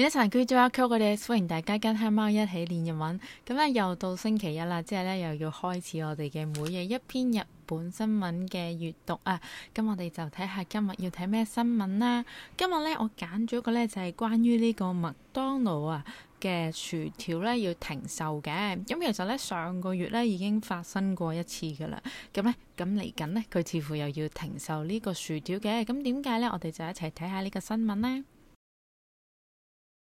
另一層聚焦，我哋歡迎大家跟黑貓一起練日文。咁咧又到星期一啦，即係咧又要開始我哋嘅每日一篇日本新聞嘅閱讀啊。咁我哋就睇下今日要睇咩新聞啦。今日咧我揀咗一個咧就係關於呢個麥當勞啊嘅薯條咧要停售嘅。咁其實咧上個月咧已經發生過一次噶啦。咁咧咁嚟緊咧佢似乎又要停售呢個薯條嘅。咁點解咧？我哋就一齊睇下呢個新聞咧。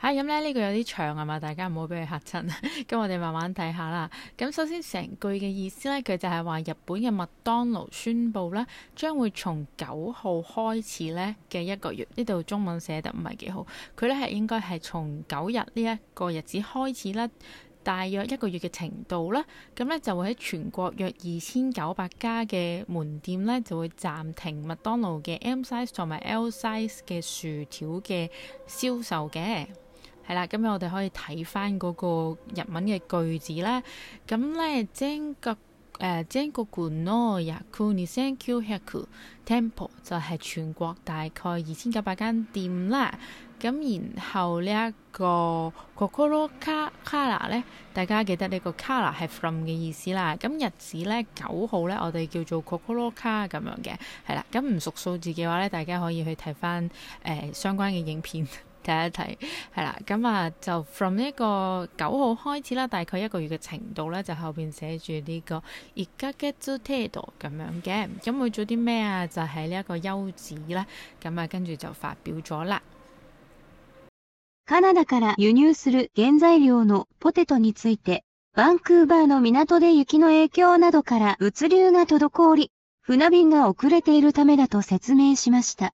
係咁咧，呢、嗯、這個有啲長啊嘛，大家唔好俾佢嚇親。咁、 嗯、我哋慢慢睇下啦。咁、嗯、首先成句嘅意思咧，佢就係話日本嘅麥當勞宣布咧，將會從九號開始咧嘅一個月。呢度中文寫得唔係幾好，佢咧係應該係從九日呢一個日子開始啦，大約一個月嘅程度啦。咁、嗯、咧就會喺全國約二千九百家嘅門店咧，就會暫停麥當勞嘅 M size 同埋 L size 嘅薯條嘅銷售嘅。係啦，今日我哋可以睇翻嗰個日文嘅句子啦。咁咧將個誒將個館咯，日語嚟聲叫吃館。Temple、呃、就係、是、全國大概二千九百間店啦。咁然後呢一個 kokoro ka ka 呢，大家記得呢個 ka 呢係 from 嘅意思啦。咁日子咧九號咧，我哋叫做 kokoro ka 咁樣嘅。係啦，咁唔熟數字嘅話咧，大家可以去睇翻誒相關嘅影片。睇一睇，係啦，咁啊就 from 一個九號開始啦，大概一個月嘅程度咧，就後邊寫住呢個，1ヶ月程度咁樣嘅，咁會做啲咩啊？就係呢一個休止啦，咁啊跟住就發表咗啦。カナダから輸入する原材料のポテトについて、バンクーバーの港で雪の影響などから物流が滯り、船便が遅れているためだと説明しました。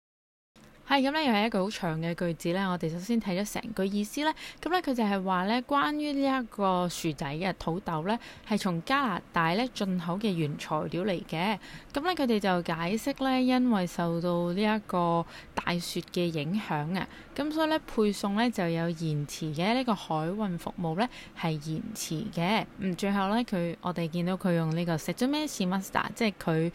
係咁咧，又係一個好長嘅句子咧。我哋首先睇咗成句意思咧，咁咧佢就係話咧，關於呢一個薯仔嘅土豆咧，係從加拿大咧進口嘅原材料嚟嘅。咁咧佢哋就解釋咧，因為受到呢一個大雪嘅影響嘅，咁、嗯、所以咧配送咧就有延遲嘅。呢、這個海運服務咧係延遲嘅。嗯，最後咧佢我哋見到佢用呢、這個什麼即係佢。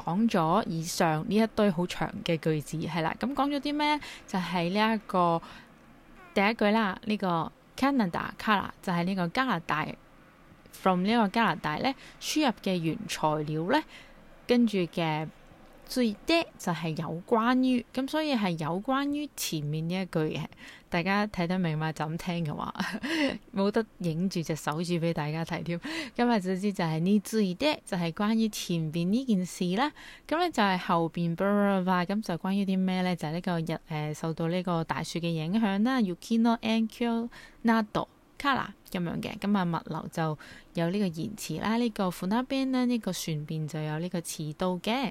講咗以上呢一堆好長嘅句子係啦，咁講咗啲咩？就係呢一個第一句啦，呢個 Canada color，就係呢個加拿大，From 呢個加拿大呢輸入嘅原材料呢跟住嘅。最嗲就係有關於咁，所以係有關於前面呢一句嘅。大家睇得明嘛？就咁聽嘅話，冇得影住隻手指畀大家睇添。今日就知就係呢最嗲，就係、是、關於前邊呢件事啦。咁咧就係後邊，咁就關於啲咩咧？就係、是、呢個日誒、呃、受到呢個大雪嘅影響啦。Yukino and Kyoto Kana 咁樣嘅，今日物流就有呢個延遲啦。呢、這個 Funabin 呢個船便就有呢個遲到嘅。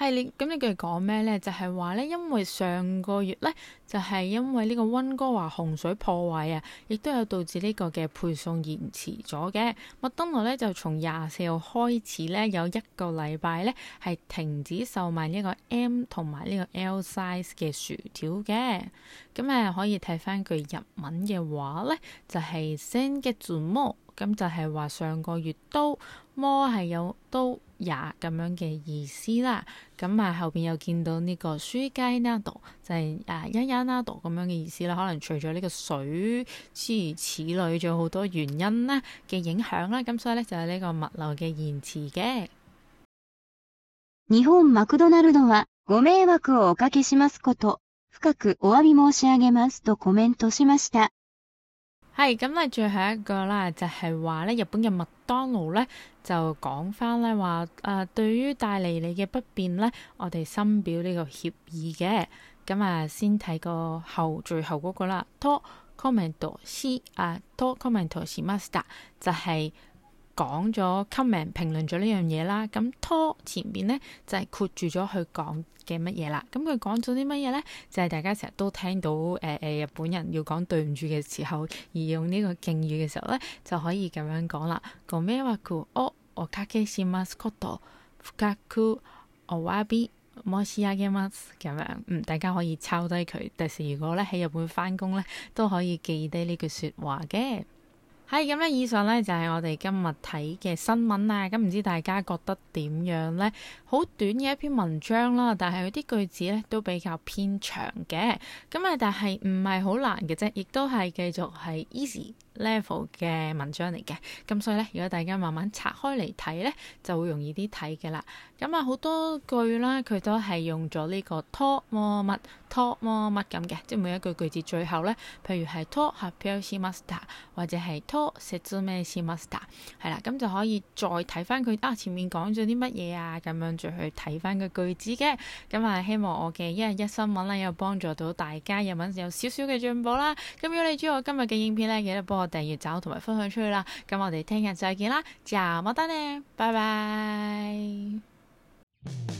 係列咁呢句講咩咧？就係話咧，因為上個月咧，就係、是、因為呢個溫哥華洪水破壞啊，亦都有導致呢個嘅配送延遲咗嘅。麥當勞咧就從廿四號開始咧，有一個禮拜咧係停止售賣呢個 M 同埋呢個 L size 嘅薯條嘅。咁、嗯、誒可以睇返句日文嘅話咧，就係、是、Send get z、um、o o m 咁就係話上個月都摩係有都也咁樣嘅意思啦，咁埋後邊又見到呢個書雞呢度就係誒欣欣啦度咁樣嘅意思啦，可能除咗呢個水，諸如此類，仲有好多原因啦嘅影響啦，咁所以咧就係呢個物流嘅延遲嘅。日本マクドナルドはご迷惑をおかけしますこと深くお詫び申し上げますとコメントしました。係咁咧，最後一個咧，就係話咧，日本嘅麥當勞咧，就講翻咧話，誒，對於帶嚟你嘅不便咧，我哋深表呢個歉意嘅。咁啊，先睇個後最後嗰個啦。とコメントし啊，とコメントしました就係。講咗 comment 評論咗呢樣嘢啦，咁拖前邊咧就係括住咗佢講嘅乜嘢啦。咁佢講咗啲乜嘢咧？就係、是就是、大家成日都聽到誒誒、呃、日本人要講對唔住嘅時候而用呢個敬語嘅時候咧，就可以咁樣講啦。咩話？ご迷惑をおかけしますこと，深くお詫び申し上げます咁樣，嗯，大家可以抄低佢。第時如果咧喺日本返工咧，都可以記低呢句説話嘅。係咁樣，以上咧就係我哋今日睇嘅新聞啦。咁唔知大家覺得點樣咧？好短嘅一篇文章啦，但係佢啲句子咧都比較偏長嘅。咁啊，但係唔係好難嘅啫，亦都係繼續係 easy。level 嘅文章嚟嘅，咁所以呢，如果大家慢慢拆開嚟睇呢，就會容易啲睇嘅啦。咁啊，好多句啦，佢都係用咗呢、這個 talk more 個拖乜乜拖乜乜咁嘅，即係每一句句子最後呢，譬如係拖合 policemaster 或者係拖食粥咩似 master，係啦，咁就可以再睇翻佢啊前面講咗啲乜嘢啊，咁樣再去睇翻個句子嘅。咁啊，希望我嘅一日一新聞呢，有幫助到大家，有冇有少少嘅進步啦？咁如果你知意我今日嘅影片呢，記得我訂閱走同埋分享出去啦，咁我哋聽日再見啦，就冇得呢，拜拜。